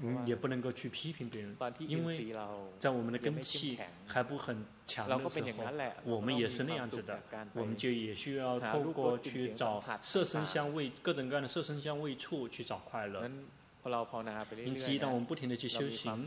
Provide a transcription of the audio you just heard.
嗯，也不能夠去批評別人。因為在我們的根器還不很強的時候，我們也是那樣子的。我們就也需要透過去找色聲香味各種各樣的色聲香味觸去找快樂。因此，當我們不停的去修行。